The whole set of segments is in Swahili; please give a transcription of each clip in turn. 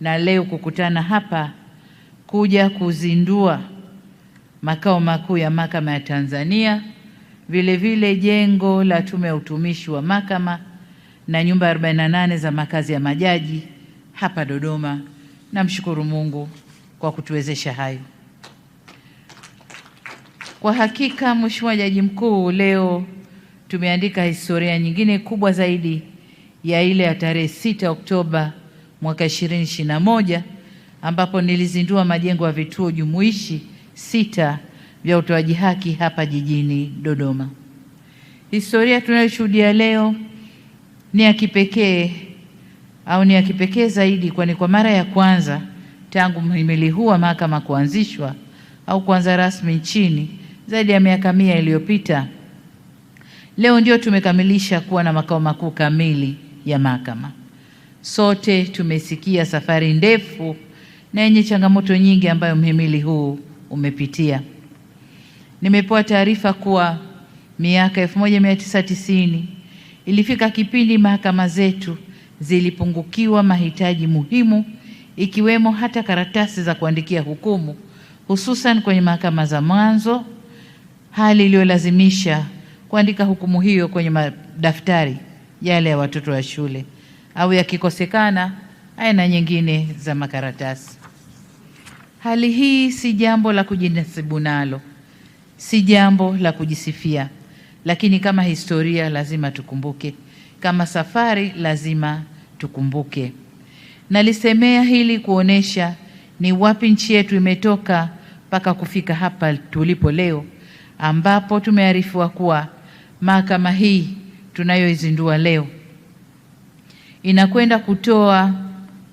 na leo kukutana hapa kuja kuzindua makao makuu ya mahakama ya Tanzania, vile vile jengo la tume ya utumishi wa mahakama na nyumba 48 za makazi ya majaji hapa Dodoma. Namshukuru Mungu kwa kutuwezesha hayo. Kwa hakika, Mheshimiwa Jaji Mkuu, leo tumeandika historia nyingine kubwa zaidi ya ile ya tarehe 6 Oktoba mwaka 2021 ambapo nilizindua majengo ya vituo jumuishi sita vya utoaji haki hapa jijini Dodoma. Historia tunayoshuhudia leo ni ya kipekee au ni ya kipekee zaidi, kwani kwa mara ya kwanza tangu mhimili huu wa mahakama kuanzishwa au kuanza rasmi nchini zaidi ya miaka mia iliyopita, leo ndio tumekamilisha kuwa na makao makuu kamili ya mahakama. Sote tumesikia safari ndefu na yenye changamoto nyingi ambayo mhimili huu umepitia. Nimepewa taarifa kuwa miaka 1990 ilifika kipindi mahakama zetu zilipungukiwa mahitaji muhimu ikiwemo hata karatasi za kuandikia hukumu, hususan kwenye mahakama za mwanzo, hali iliyolazimisha kuandika hukumu hiyo kwenye madaftari yale ya watoto wa shule au yakikosekana aina nyingine za makaratasi. Hali hii si jambo la kujinasibu nalo, si jambo la kujisifia, lakini kama historia lazima tukumbuke, kama safari lazima tukumbuke. Nalisemea hili kuonesha ni wapi nchi yetu imetoka mpaka kufika hapa tulipo leo, ambapo tumearifiwa kuwa mahakama hii tunayoizindua leo inakwenda kutoa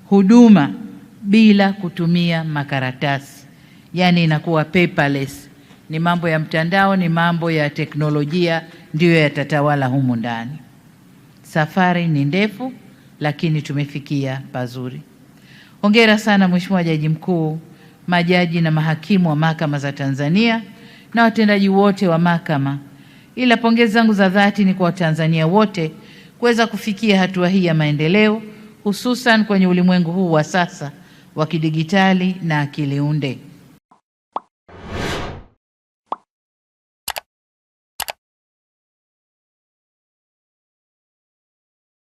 huduma bila kutumia makaratasi, yaani inakuwa paperless. Ni mambo ya mtandao, ni mambo ya teknolojia ndiyo yatatawala humu ndani. Safari ni ndefu, lakini tumefikia pazuri. Hongera sana Mheshimiwa Jaji Mkuu, majaji na mahakimu wa mahakama za Tanzania na watendaji wote wa mahakama. Ila pongezi zangu za dhati ni kwa Watanzania wote kuweza kufikia hatua hii ya maendeleo, hususan kwenye ulimwengu huu wa sasa wa kidigitali na akili unde.